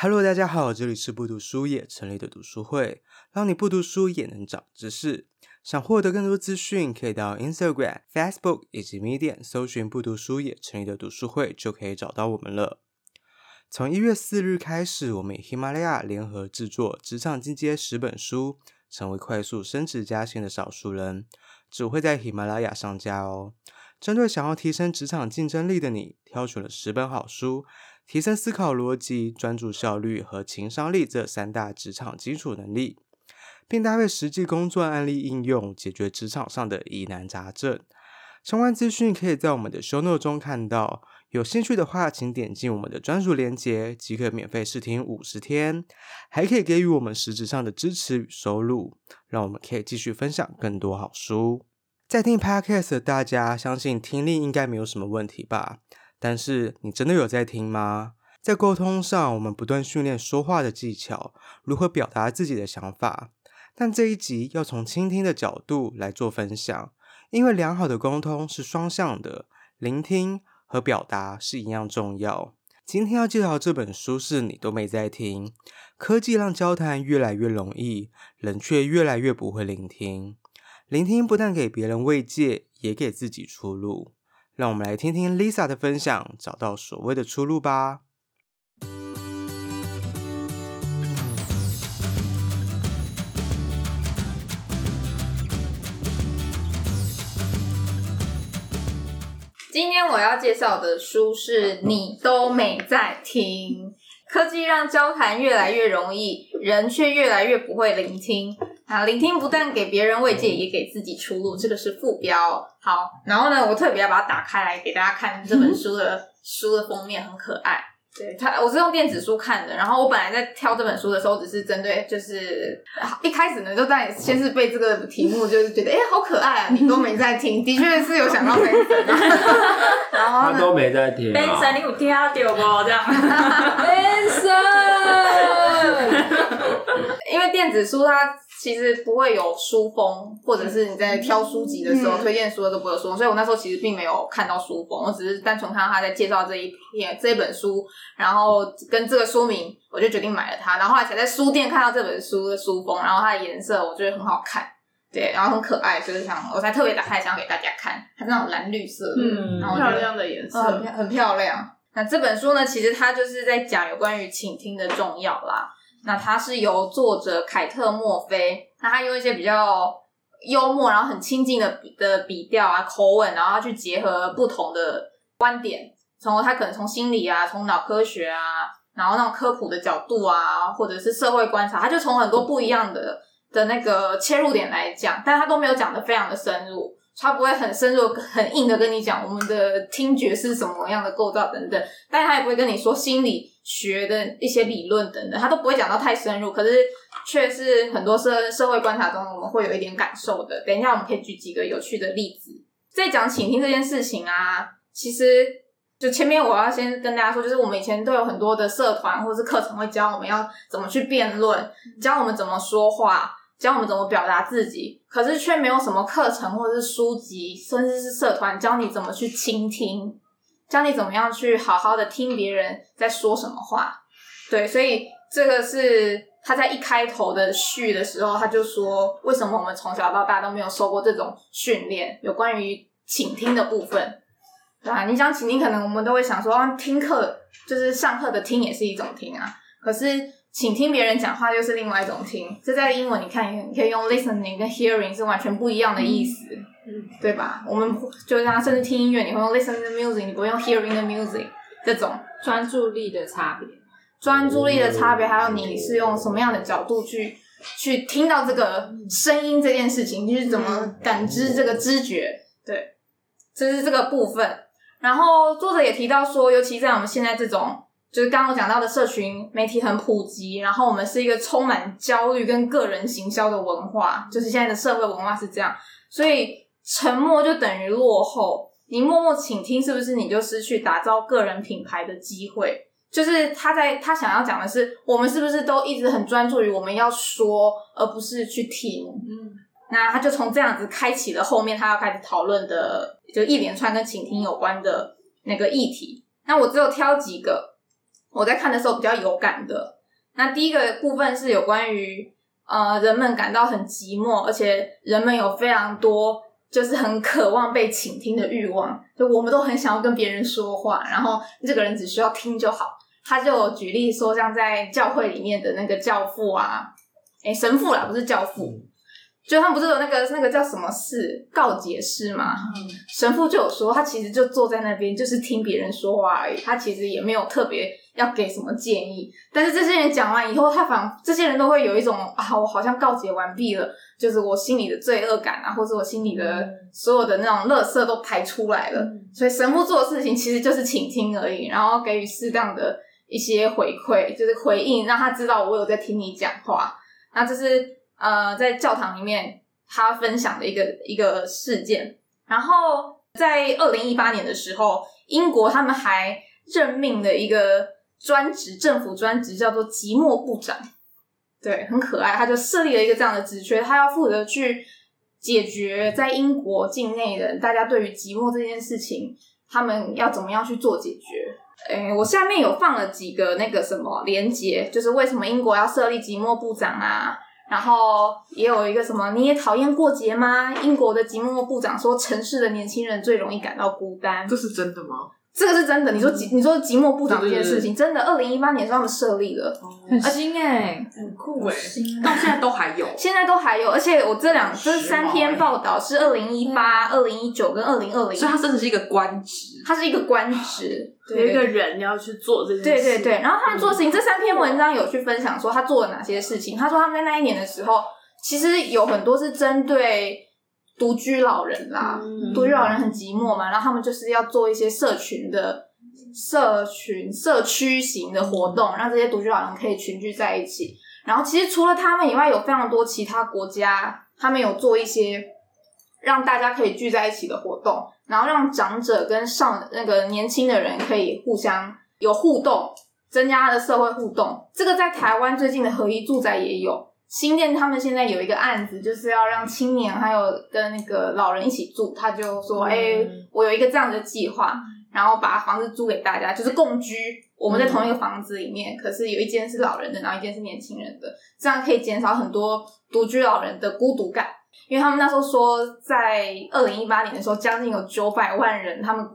Hello，大家好，這裡是不讀書也成立的讀書會，讓你不讀書也能長知識。想獲得更多資訊，可以到 Instagram、Facebook 以及 Medium 搜尋不讀書也成立的讀書會”就可以找到我們了。從一月四日開始，我們以喜馬拉雅聯合製作《職場進階十本書》，成為快速升職加薪的少數人，只會在喜馬拉雅上架哦。針對想要提升職場競爭力的你，挑選了十本好書。提升思考邏輯、專注效率和情商力這三大職場基礎能力，並搭配實際工作案例應用，解決職場上的疑難雜症。相關資訊可以在我們的 show note 中看到。有興趣的話，請點進我們的專屬鏈接，即可免費試聽五十天，還可以給予我們實質上的支持與收入，讓我們可以繼續分享更多好書。在聽 podcast 的大家，相信聽力應該沒有什麼問題吧？但是你真的有在聽嗎？在溝通上，我們不斷訓練說話的技巧，如何表達自己的想法。但這一集要從傾聽的角度來做分享，因為良好的溝通是雙向的，聆聽和表達是一樣重要。今天要介紹這本書是《你都沒在聽》，科技讓交談越來越容易，人卻越來越不會聆聽。聆聽不但給別人慰藉，也給自己出路。讓我們來聽聽 Lisa 的分享，找到所謂的出路吧。今天我要介紹的書是《你都沒在聽》，科技讓交談越來越容易，人卻越來越不會聆聽。啊，聆聽不但給別人慰藉，也給自己出路。這個是副標。好，然後呢，我特別要把它打開來給大家看這本書的、嗯、書的封面，很可愛。對，它我是用電子書看的。然後我本來在挑這本書的時候，只是針對就是一開始呢，就在先是被這個題目、嗯、就是覺得哎，好可愛啊，你都沒在聽，嗯、的確是有想到、啊。 然後呢他都沒在聽、啊。Benson 你有聽到過這樣？Benson 因為電子書它。其實不會有書封，或者是你在挑書籍的時候、嗯、推薦書，都不會有書封。嗯、所以我那時候其實並沒有看到書封，我只是單純看到他在介紹這一篇這一本書，然後跟這個書名，我就決定買了它。然後後來才在書店看到這本書的書封，然後它的顏色我覺得很好看，對，然後很可愛，就是想我才特別打開，想給大家看。它是那種藍綠色的，嗯，然後漂亮的顏色、哦很，很漂亮。那這本書呢，其實它就是在講有關於傾聽的重要啦。那他是由作者凱特·墨菲，那他用一些比較幽默，然後很親近的的筆調啊、口吻，然後他去結合不同的觀點，從他可能從心理啊、從腦科學啊，然後那種科普的角度啊，或者是社會觀察，他就從很多不一樣的的那個切入點來講，但他都沒有講的非常的深入，他不會很深入、很硬的跟你講我們的聽覺是什麼樣的構造等等，但他也不會跟你說心理。學的一些理論等等，他都不會講到太深入，可是卻是很多社社會觀察中我們會有一點感受的。等一下我們可以舉幾個有趣的例子。在講傾聽這件事情啊，其實就前面我要先跟大家說，就是我們以前都有很多的社團或者是課程會教我們要怎麼去辯論，教我們怎麼說話，教我們怎麼表達自己，可是卻沒有什麼課程或者是書籍，甚至是社團教你怎麼去傾聽。教你怎麼樣去好好的聽別人在說什麼話，對，所以這個是他在一開頭的序的時候，他就說為什麼我們從小到大都沒有受過這種訓練，有關於傾聽的部分。對啊，你講傾聽，可能我們都會想說啊，聽課就是上課的聽也是一種聽啊，可是傾聽別人講話又是另外一種聽。這在英文你看，你可以用 listening 跟 hearing 是完全不一樣的意思。嗯。對吧？我們就讓他甚至聽音樂，你會用 listening the music，你不用 hearing the music，這種專注力的差別，專注力的差別，還有你是用什麼樣的角度去去聽到這個聲音這件事情，你是怎麼感知這個知覺？對，這、就是這個部分。然後作者也提到說，尤其在我們現在這種，就是剛剛我講到的社群媒體很普及，然後我們是一個充滿焦慮跟個人行銷的文化，就是現在的社會文化是這樣，所以。沉默就等於落後。你默默傾聽，是不是你就失去打造個人品牌的機會？就是他在，他想要講的是，我們是不是都一直很專注於我們要說，而不是去聽？嗯，那他就從這樣子開啟了後面，他要開始討論的，就一連串跟傾聽有關的那個議題。那我只有挑幾個，我在看的時候比較有感的。那第一個部分是有關於，呃，人們感到很寂寞，而且人們有非常多。就是很渴望被傾聽的慾望，嗯、就我們都很想要跟別人說話，然後這個人只需要聽就好。他就舉例說，像在教會裡面的那個教父啊，誒、欸、神父啦，不是教父，就他們不是有那個那個叫什麼事告解室嗎？嗯、神父就有說，他其實就坐在那邊，就是聽別人說話而已，他其實也沒有特別。要給什麼建議？但是這些人講完以後，他反這些人都會有一種啊，我好像告解完畢了，就是我心裡的罪惡感啊，或者我心裡的所有的那種垃圾都排出來了。所以神父做的事情其實就是傾聽而已，然後給予適當的一些回饋，就是回應，讓他知道我有在聽你講話。那這是呃，在教堂裡面他分享的一個一個事件。然後在二零一八年的時候，英國他們還任命了一個。專職政府專職叫做寂寞部長，對，很可愛。他就設立了一個這樣的職缺，他要負責去解決在英國境內的大家對於寂寞這件事情，他們要怎麼樣去做解決？哎、欸，我下面有放了幾個那個什麼連接，就是為什麼英國要設立寂寞部長啊？然後也有一個什麼，你也討厭過節嗎？英國的寂寞部長說，城市的年輕人最容易感到孤單，這是真的嗎？這個是真的，你說你說寂寞部長這件事情，真的，二零一八年他們設立了，很新哎，很酷哎，到現在都還有，現在都還有，而且我這兩這三篇報道是二零一八、二零一九跟二零二零，所以它真的是一個官職，它是一個官職，有一個人要去做這件事情，對對對，然後他們做事情，這三篇文章有去分享說他做了哪些事情，他說他們在那一年的時候，其實有很多是針對。獨居老人啦，嗯、獨居老人很寂寞嘛，嗯、然後他們就是要做一些社群的社群社區型的活動，讓這些獨居老人可以群聚在一起。然後其實除了他們以外，有非常多其他國家，他們有做一些讓大家可以聚在一起的活動，然後讓長者跟上那個年輕的人可以互相有互動，增加他的社會互動。這個在台灣最近的合宜住宅也有。新店他們現在有一個案子，就是要讓青年還有跟那個老人一起住。他就說：“哎、欸，我有一個這樣的計劃，然後把房子租給大家，就是共居。我們在同一個房子裡面，嗯、可是有一間是老人的，然後一間是年輕人的。這樣可以減少很多獨居老人的孤獨感。因為他們那時候說，在二零一八年的時候，將近有九百萬人，他們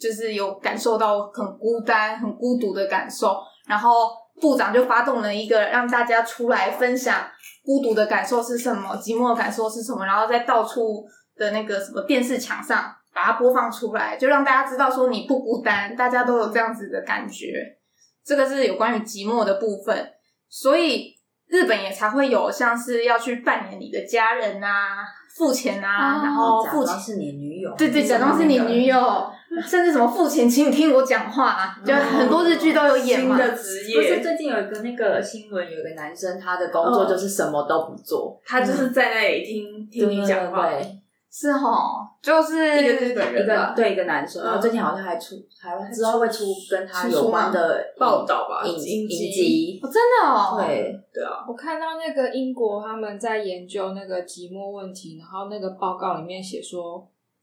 就是有感受到很孤單、很孤獨的感受，然後。”部長就發動了一個讓大家出來分享孤獨的感受是什麼，寂寞的感受是什麼，然後在到處的那個什麼電視牆上把它播放出來，就讓大家知道說你不孤單，大家都有這樣子的感覺。這個是有關於寂寞的部分，所以。日本也才會有像是要去扮演，你的家人啊，父親啊，哦、然後父親是你女友，對，對對，假裝是你女友， 甚至什麼父親，「請你聽我講話」，啊，嗯、就很多日劇都有演嘛。的職業，不是最近有一個那個新聞，有一個男生，他的工作就是什麼都不做，嗯、他就是在那裡聽聽你講話。嗯對對對是吼，就是一個日本一個對一個男生。然後最近好像還出，嗯、台灣還出之後會出跟他有關的報道吧，影影集。真的哦，對，對啊。我看到那個英國他們在研究那個寂寞問題，然後那個報告裡面寫說，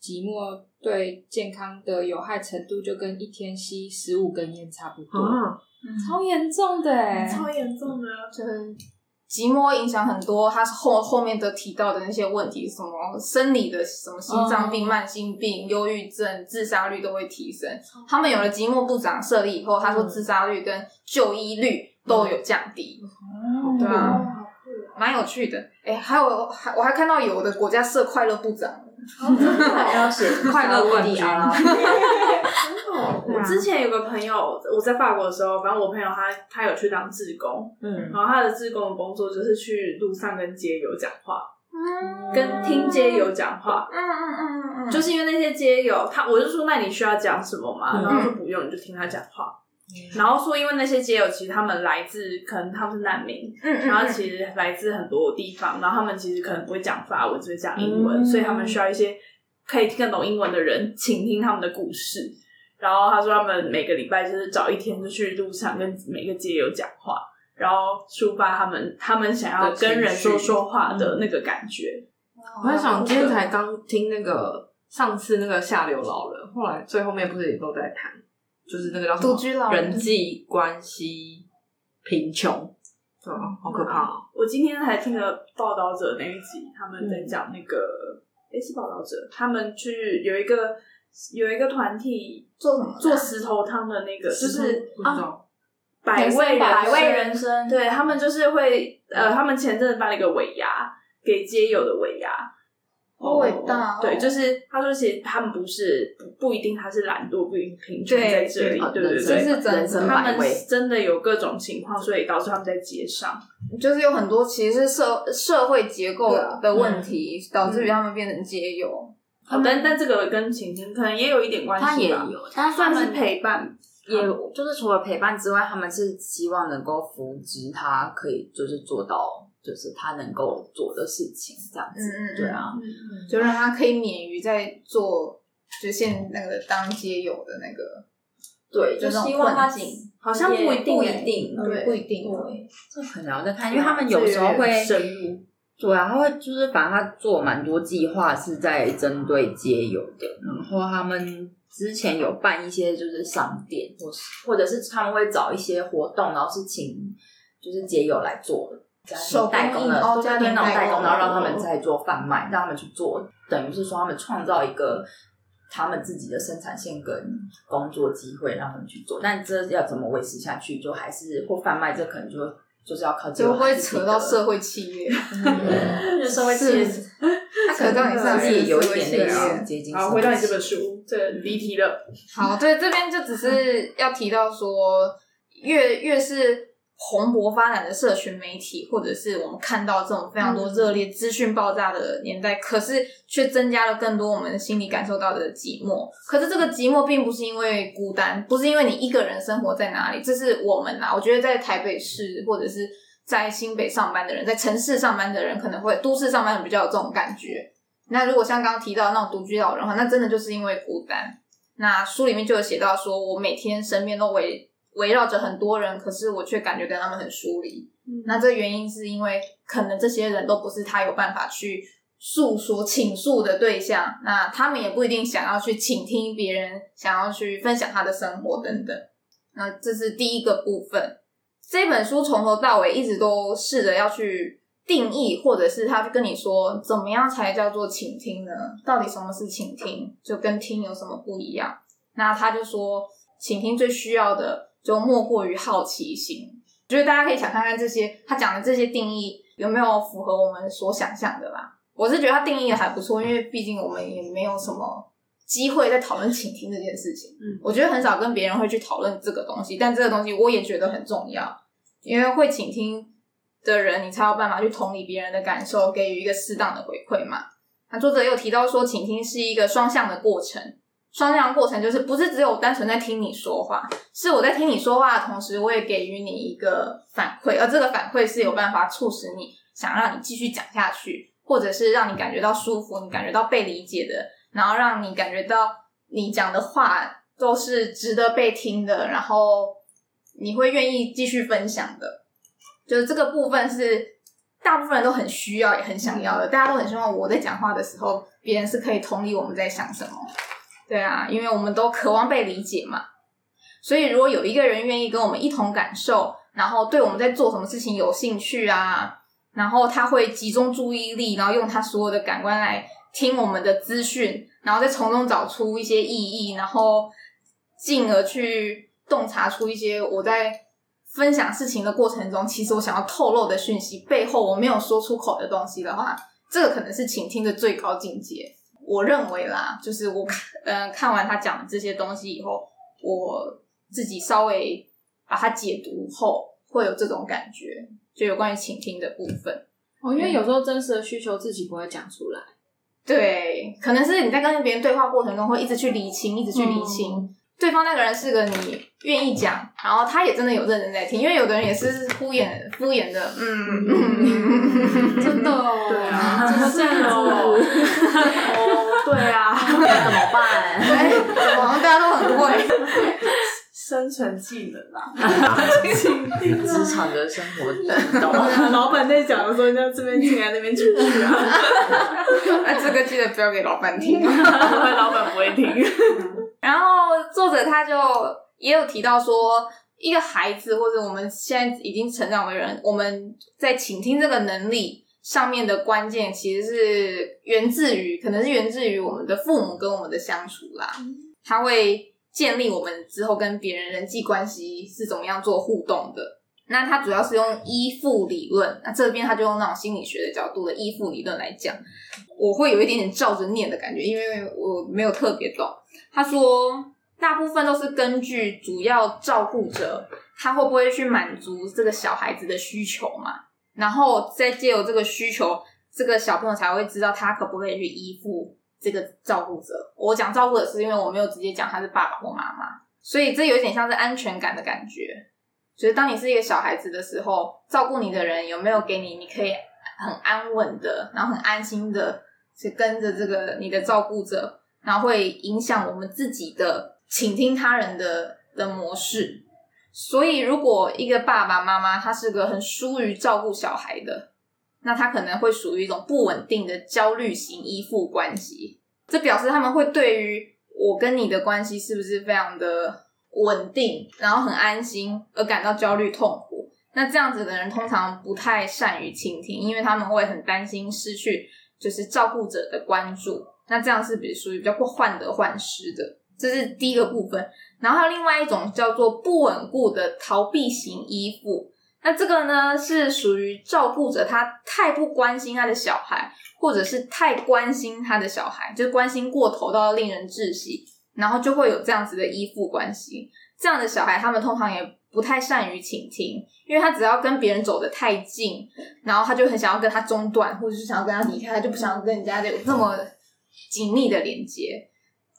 寂寞對健康的有害程度就跟一天吸十五根菸差不多，嗯、超嚴重的、嗯嗯、超嚴重的、啊，真的。寂寞影響很多，他後後面的提到的那些問題，什麼生理的，什麼心臟病、慢性病、憂鬱、oh. 症、自殺率都會提升。他們有了寂寞部長設立以後，他說自殺率跟就醫率都有降低，oh. 對啊，蠻有趣的。哎、欸，還有還我還看到有的國家設快樂部長。真的 要寫快樂冠軍了， 啊，我之前有個朋友，我在法國的時候，反正我朋友他他有去當志工，嗯，然後他的志工的工作就是去路上跟街友講話，嗯，跟聽街友講話，嗯嗯嗯嗯嗯，就是因為那些街友，他，我就說那你需要講什麼嘛，然後說不用，你就聽他講話。然後說，因為那些街友其實他們來自，可能他們是難民，然後其實來自很多地方，然後他們其實可能不會講法文，只會講英文，嗯、所以他們需要一些可以聽得懂英文的人傾聽他們的故事。然後他說，他們每個禮拜就是找一天就去路上跟每個街友講話，然後抒發他們他們想要跟人說說話的那個感覺。哇我在想，今天才剛聽那個、嗯、上次那個下流老人，後來最後面不是也都在談。就是那個叫什麼人際關係貧窮，吧、嗯、好可怕、哦好！我今天還聽了報道者那一集，他們在講那個誒、嗯欸、是報道者，他們去有一個有一個團體做什麼做石頭湯的那個，就是啊百味百味人生，姓姓對他們就是會、嗯、呃，他們前陣子辦了一個尾牙，給街友的尾牙。偉大。對，就是他說，其實他們不是不一定，他是懶惰，不一定貧窮在這裡，對對對。就是他們真的有各種情況，所以導致他們在街上，就是有很多其實是社社會結構的問題，導致於他們變成街友。好，但但這個跟傾聽可能也有一點關係，他也有，但是算是陪伴，也就是除了陪伴之外，他們是希望能夠扶植他，可以就是做到。就是他能夠做的事情，這樣子，嗯、對啊、嗯，就讓他可以免於在做，就現那個當街友的那個，對，就，就希望他行。好像不一定，不一定，對不一定，對對這很難再看，對因為他們有時候會對，對，對啊，他會就是反正他做蠻多計劃是在針對街友的，然後他們之前有辦一些就是商店，或對或者是他們會找一些活動，然後是請就是街友來做的。受代工的，都在電腦代工，然後讓他們再做販賣，讓他們去做，等於是說他們創造一個他們自己的生產線跟工作機會，讓他們去做。但這要怎麼維持下去，就還是或販賣，這可能就就是要靠這個。就會扯到社會契約？社會契約，可能到你上次有一點的一些結晶。好，回到你這本書，對，離題了。好，對，這邊就只是要提到說，越、越是。蓬勃發展的社群媒體，或者是我們看到這種非常多熱烈資訊爆炸的年代，嗯、可是卻增加了更多我們心裡感受到的寂寞。可是這個寂寞並不是因為孤單，不是因為你一個人生活在哪裡，這是我們啊。我覺得在台北市或者是在新北上班的人，在城市上班的人，可能會都市上班的人比較有這種感覺。那如果像剛剛提到那種獨居老人的話，那真的就是因為孤單。那書裡面就有寫到說，說我每天身邊都會圍繞着很多人，可是我卻感覺跟他們很疏離。嗯、那這個原因是因為可能這些人都不是他有辦法去訴說傾訴的對象，那他們也不一定想要去傾聽別人，想要去分享他的生活等等。那這是第一個部分。這本書從頭到尾一直都試着要去定義，或者是他去跟你說怎麼樣才叫做傾聽呢？到底什麼是傾聽？就跟聽有什麼不一樣？那他就說傾聽最需要的。就莫過於好奇心，我覺得大家可以想看看這些他講的這些定義有沒有符合我們所想象的吧。我是覺得他定義的還不錯，因為畢竟我們也沒有什麼機會在討論傾聽這件事情。嗯，我覺得很少跟別人會去討論這個東西，但這個東西我也覺得很重要，因為會傾聽的人，你才有辦法去同理別人的感受，給予一個適當的回饋嘛。那作者又提到說，傾聽是一個雙向的過程。雙向過程就是不是只有我單純在聽你說話，是我在聽你說話的同時，我也給予你一個反饋，而這個反饋是有辦法促使你想讓你繼續講下去，或者是讓你感覺到舒服，你感覺到被理解的，然後讓你感覺到你講的話都是值得被聽的，然後你會願意繼續分享的。就是這個部分是大部分人都很需要、也很想要的，大家都很希望我在講話的時候，別人是可以同理我們在想什麼。對啊，因為我們都渴望被理解嘛，所以如果有一個人願意跟我們一同感受，然後對我們在做什麼事情有興趣啊，然後他會集中注意力，然後用他所有的感官來聽我們的資訊，然後再從中找出一些意義，然後進而去洞察出一些我在分享事情的過程中，其實我想要透露的訊息，背後我沒有說出口的東西的話，這個可能是傾聽的最高境界。我認為啦，就是我看，嗯、呃，看完他講的這些東西以後，我自己稍微把它解讀後，會有這種感覺，就有關於傾聽的部分。哦，因為有時候真實的需求自己不會講出來、嗯。對，可能是你在跟別人對話過程中會一直去理清，一直去理清、嗯、對方那個人是個你願意講，然後他也真的有認真在聽，因為有的人也是敷衍敷衍的，嗯嗯嗯嗯真的，對啊，真的哦。對啊，怎麼辦？哎，怎麼，好像大家都很會生存技能啦，職場的生活之道。老板在講的時候，叫這邊進來，那邊出去啊。哎，這個記得不要給老板聽，老板不會聽。然後作者他就也有提到說，一個孩子或者我們現在已經成長為人，我們在傾聽這個能力。上面的關鍵其實是源自於，可能是源自於我們的父母跟我們的相處啦，他會建立我們之後跟別人人際關係是怎麼樣做互動的。那他主要是用依附理論，那這邊他就用那種心理學的角度的依附理論來講，我會有一點點照着念的感覺，因為我沒有特別懂。他說，大部分都是根據主要照顧者，他會不會去滿足這個小孩子的需求嘛。然後再借由這個需求，這個小朋友才會知道他可不可以去依附這個照顧者。我講照顧者是因為我沒有直接講他是爸爸或媽媽，所以這有點像是安全感的感覺。所以當你是一個小孩子的時候，照顧你的人有沒有給你，你可以很安穩的，然後很安心的去跟着這個你的照顧者，然後會影響我們自己的傾聽他人的的模式。所以，如果一個爸爸媽媽他是個很疏於照顧小孩的，那他可能會屬於一種不穩定的焦慮型依附關係。這表示他們會對於我跟你的關係是不是非常的穩定，然後很安心而感到焦慮痛苦。那這樣子的人通常不太善於傾聽，因為他們會很擔心失去就是照顧者的關注。那這樣是不是屬於比較患得患失的。這是第一個部分。然後還有另外一種叫做不穩固的逃避型依附，那這個呢是屬於照顧者他太不關心他的小孩，或者是太關心他的小孩，就關心過頭到令人窒息，然後就會有這樣子的依附關係。這樣的小孩他們通常也不太善於傾聽，因為他只要跟別人走得太近，然後他就很想要跟他中斷，或者是想要跟他離開，他就不想要跟人家有那麼緊密的連接。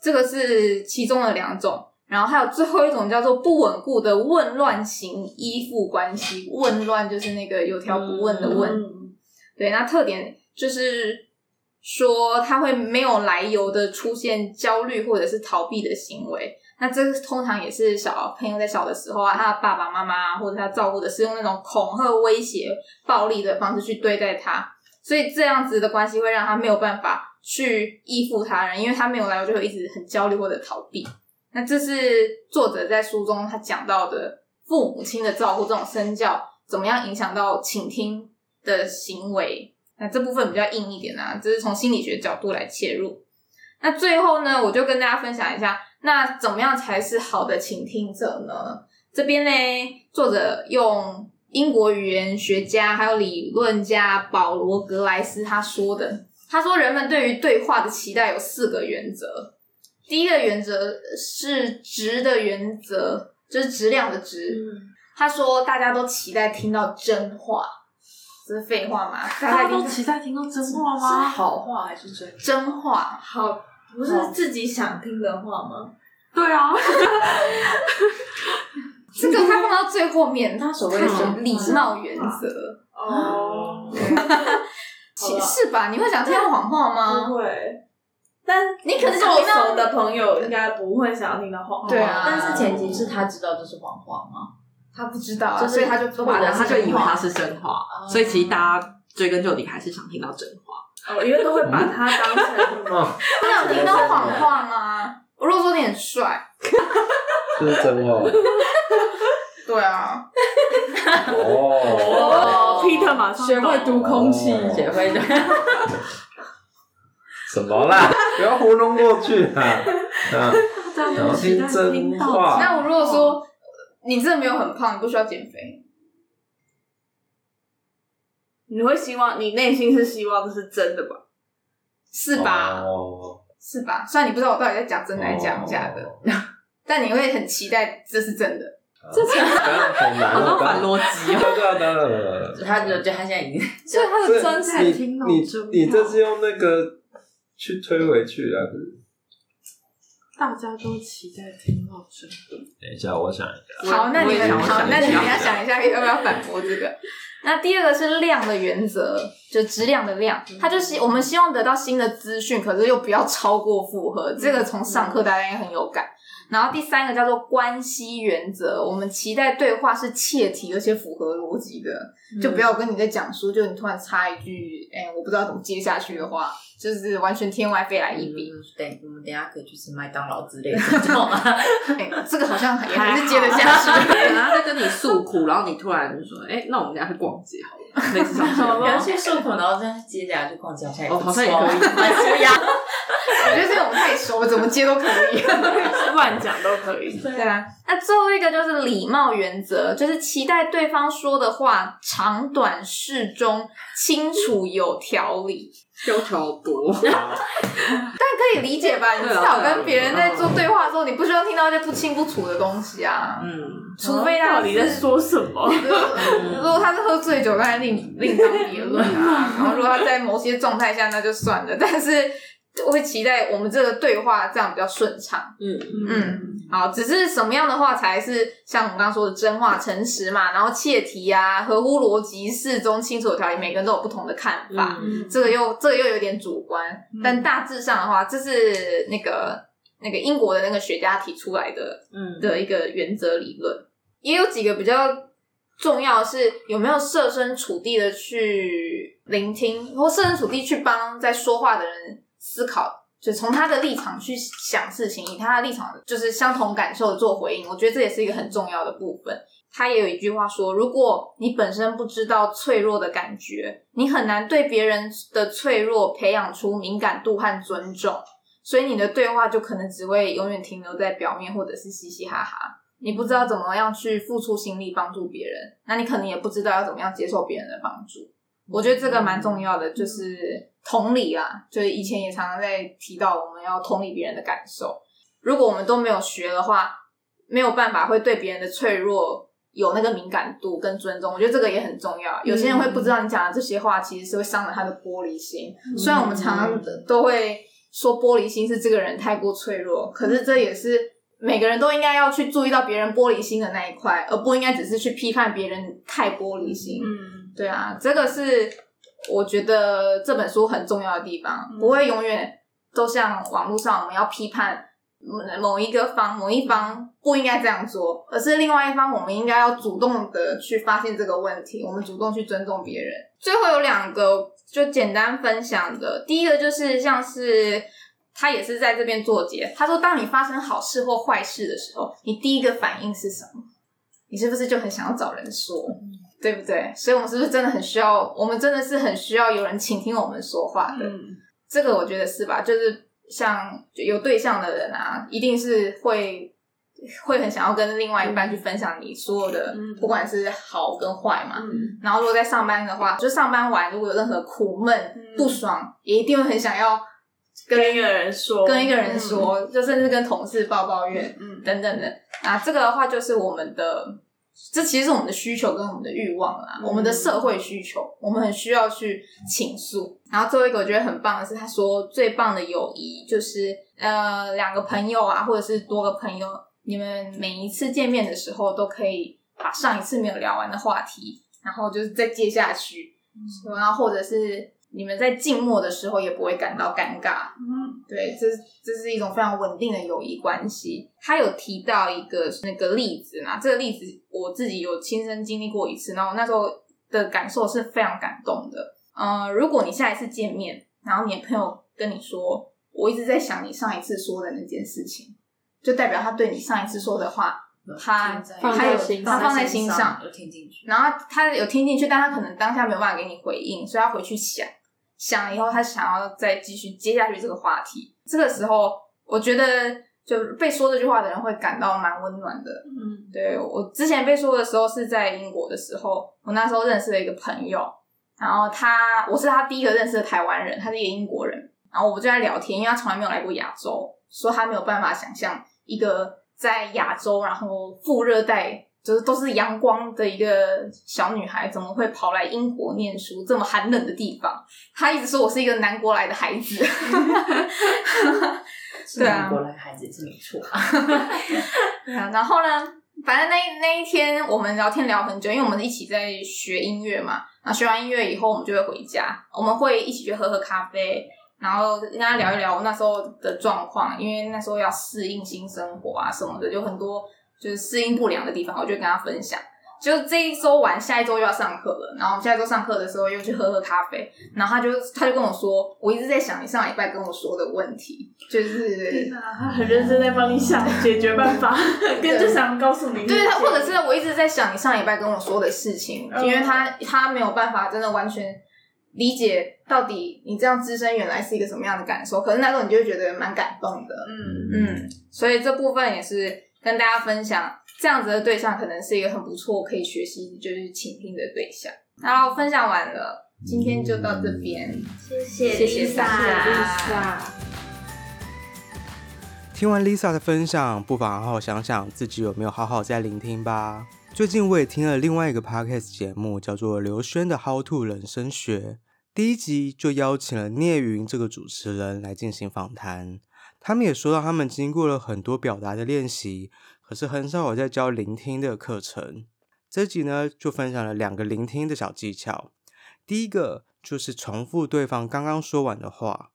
這個是其中的兩種。然後還有最後一種叫做不穩固的紊亂型依附關係，紊亂就是那個有條不紊的紊。嗯、對，那特點就是說他會沒有來由的出現焦慮或者是逃避的行為。那這個通常也是小朋友在小的時候啊，他的爸爸媽媽、啊、或者他照顧的是用那種恐嚇、威脅、暴力的方式去對待他，所以這樣子的關係會讓他沒有辦法去依附他人，因為他沒有來由就會一直很焦慮或者逃避。那這是作者在書中他講到的父母親的照顧，這種身教怎麼樣影響到傾聽的行為？那這部分比較硬一點啊，這是從心理學角度來切入。那最後呢，我就跟大家分享一下，那怎麼樣才是好的傾聽者呢？這邊呢，作者用英國語言學家還有理論家保羅格萊斯他說的，他說人們對於對話的期待有四個原則。第一個原則是“質”的原則，就是質量的質。嗯。他說：“大家都期待聽到真話，這是廢話嗎？”大家都期待聽到真話嗎？是好話還是真真話？好，不是自己想聽的話嗎？好對啊， 這個他放到最後面， 他所謂的禮貌原則、啊、哦， 其實吧，是吧？你會想聽謊話嗎對？不會。但你可能是我熟的朋友應該不會想要聽到謊話，對啊。但是前提是他知道這是謊話嗎？他不知道，所以他就不把他，他就以為他是真話，所以其實大家追根究底還是想聽到真話，因為都會把他當成我想聽到謊話嗎？我如果說你很帥，這是真話，對啊。哦，哦，Peter 嘛，學會讀空氣，學會的。怎麼啦？不要糊弄過去啊！ 啊，聽真話。 那我如果說你真的沒有很胖，你不需要減肥，你會希望你內心是希望這是真的吧？是吧？哦、是吧？雖然你不知道我到底在講真的還講，哦、假的，但你會很期待這是真的。這、啊、很難，我都反邏輯。真的， 就他就覺得他現在已經，所以 他的真實聽懂真你這是用那個。去推回去啊！大家都期待天道上。等一下，我想一下。我好，我那你們好，那你們要想一下，要不要反駁這個？對那第二個是量的原則，就質量的量，嗯、它就是我們希望得到新的資訊，可是又不要超過負荷。嗯、這個從上課大家應該很有感。嗯嗯然後第三個叫做關係原則，我們期待對話是切題而且符合邏輯的，嗯、就不要跟你在講書，就你突然插一句，哎、欸，我不知道怎麼接下去的話，就是完全天外飛來一筆、嗯。對，我們等一下可以去吃麥當勞之類的，知道 嗎、欸？這個好像也還，好還是接得下去。還好 然後在跟你訴苦，然後你突然就說，哎、欸，那我們等一下去逛街好了。不要 去漱吧口，吧然後再接着啊，就狂講下一個。我我得意，太優雅。我覺得這種太熟，我怎麼接都可以，亂 講都可以。對,對啊，那最後一個就是禮貌原則，就是期待對方說的話長短適中、清楚有條理。 但可以理解吧？你至少跟別人在做對話的時候，你不需要聽到一些不清不楚的東西啊。嗯，除非他到底在說什麼。 如果他是喝醉酒，那另另當別論啊。然後如果他在某些狀態下，那就算了。但是。我會期待我們這個對話這樣比較順暢。嗯嗯，好，只是什麼樣的話才是像我們剛說的真話、誠實嘛？然後切題啊，合乎邏輯、適中、清楚的條理，每個人都有不同的看法。嗯，這個又這個又有點主觀，嗯，但大致上的話，這是那個那個英國的那個學家提出來的嗯的一個原則理論。嗯，也有幾個比較重要的是有沒有設身處地的去聆聽，或設身處地去幫在說話的人思考，就從他的立場去想事情，以他的立場就是相同感受做回應。我覺得這也是一個很重要的部分。他也有一句話說：“如果你本身不知道脆弱的感覺，你很難對別人的脆弱培養出敏感度和尊重，所以你的對話就可能只會永遠停留在表面，或者是嘻嘻哈哈。你不知道怎麼樣去付出心力幫助別人，那你可能也不知道要怎麼樣接受別人的幫助。我覺得這個蠻重要的，就是。”同理啦、啊，就是以前也常常在提到我們要同理別人的感受。如果我們都沒有學的話，沒有辦法會對別人的脆弱有那個敏感度跟尊重。我覺得這個也很重要。嗯、有些人會不知道你講的這些話其實是會傷了他的玻璃心。嗯、雖然我們常常都會說玻璃心是這個人太過脆弱，可是這也是每個人都應該要去注意到別人玻璃心的那一塊，而不應該只是去批判別人太玻璃心。嗯，對啊，這個是。我覺得這本書很重要的地方，不會永遠都像網絡上我們要批判某一個方某一方不應該這樣做，而是另外一方，我們應該要主動的去發現這個問題，我們主動去尊重別人。最後有兩個就簡單分享的，第一個就是像是他也是在這邊做結，他說當你發生好事或壞事的時候，你第一個反應是什麼？你是不是就很想要找人說？嗯對不對？所以我們是不是真的很需要？我們真的是很需要有人傾聽我們說話的。嗯，這個我覺得是吧？就是像有對象的人啊，一定是會會很想要跟另外一半去分享你所有的，嗯，不管是好跟壞嘛。嗯，然後如果在上班的話，就上班完如果有任何苦悶、嗯，不爽，也一定會很想要跟，跟，跟一個人說，跟一個人說，就甚至跟同事抱，抱怨，嗯，等等的。啊，這個的話就是我們的。這其實是我們的需求跟我們的欲望啦，我們的社會需求，我們很需要去傾訴。然後最後一個我覺得很棒的是，他說最棒的友誼就是，呃，兩個朋友啊，或者是多個朋友，你們每一次見面的時候都可以把上一次沒有聊完的話題，然後就是再接下去，然後或者是。你們在靜默的時候也不會感到尷尬，嗯，對，這是這是一種非常穩定的友誼關係。他有提到一個那個例子嘛，這個例子我自己有親身經歷過一次，然後那時候的感受是非常感動的。嗯，如果你下一次見面，然後你的朋友跟你說，我一直在想你上一次說的那件事情，就代表他對你上一次說的話，嗯、他他有他放在心上，有聽進去，然後他有聽進去，但他可能當下沒有辦法給你回應，所以他回去想。想以後他想要再繼續接下去這個話題，這個時候我覺得就被說這句話的人會感到蠻溫暖的。嗯，對我之前被說的時候是在英國的時候，我那時候認識了一個朋友，然後他我是他第一個認識的台灣人，他是一個英國人，然後我們就在聊天，因為他從來沒有來過亞洲，說他沒有辦法想象一個在亞洲然後副熱帶，就是都是陽光的一個小女孩，怎麼會跑來英國念書這麼寒冷的地方？她一直說我是一個南國來的孩子。對啊，南國來的孩子是沒錯。然後呢，反正那那一天我們聊天聊很久，因為我們一起在學音樂嘛。那學完音樂以後，我們就會回家，我們會一起去喝喝咖啡，然後跟大家聊一聊那時候的狀況，因為那時候要適應新生活啊什麼的，就很多。就是適應不良的地方，我就跟他分享。就這一周完，下一周又要上課了。然後下一周上課的時候，又去喝喝咖啡。然後他就他就跟我說，我一直在想你上禮拜跟我說的問題，就是、啊、他很認真在幫你想解決辦法，別人 對對就想告訴你，你。對他，或者是我一直在想你上禮拜跟我說的事情，Okay. 因為他他沒有辦法真的完全理解到底你這樣資深原來是一個什麼樣的感受。可是那時候你就會覺得蠻感動的，嗯嗯。所以這部分也是。跟大家分享這樣子的對象，可能是一個很不錯可以學習就是傾聽的對象。然後分享完了，今天就到這邊。嗯，謝謝 Lisa。謝謝 Lisa。聽完 Lisa 的分享，不妨好好想想自己有沒有好好在聆聽吧。最近我也聽了另外一個 Podcast 節目，叫做劉軒的《How to 人生學》，第一集就邀請了聶雲這個主持人來進行訪談。他們也說到，他們經過了很多表達的練習，可是很少有在教聆聽的課程。這集呢，就分享了兩個聆聽的小技巧。第一個就是重複對方剛剛說完的話，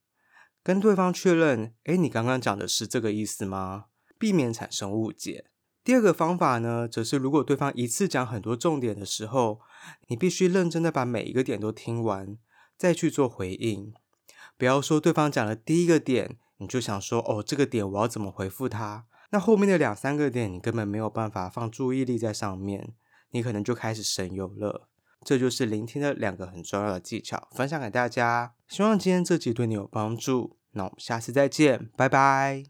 跟對方確認：“哎，你剛剛講的是這個意思嗎？”避免產生誤解。第二個方法呢，則是如果對方一次講很多重點的時候，你必須認真的把每一個點都聽完，再去做回應，不要說對方講了第一個點。你就想說，哦，這個點我要怎麼回復他？那後面的兩三個點，你根本沒有辦法放注意力在上面，你可能就開始神遊了。這就是聆聽的兩個很重要的技巧，分享給大家。希望今天這集對你有幫助。那我們下次再見，拜拜。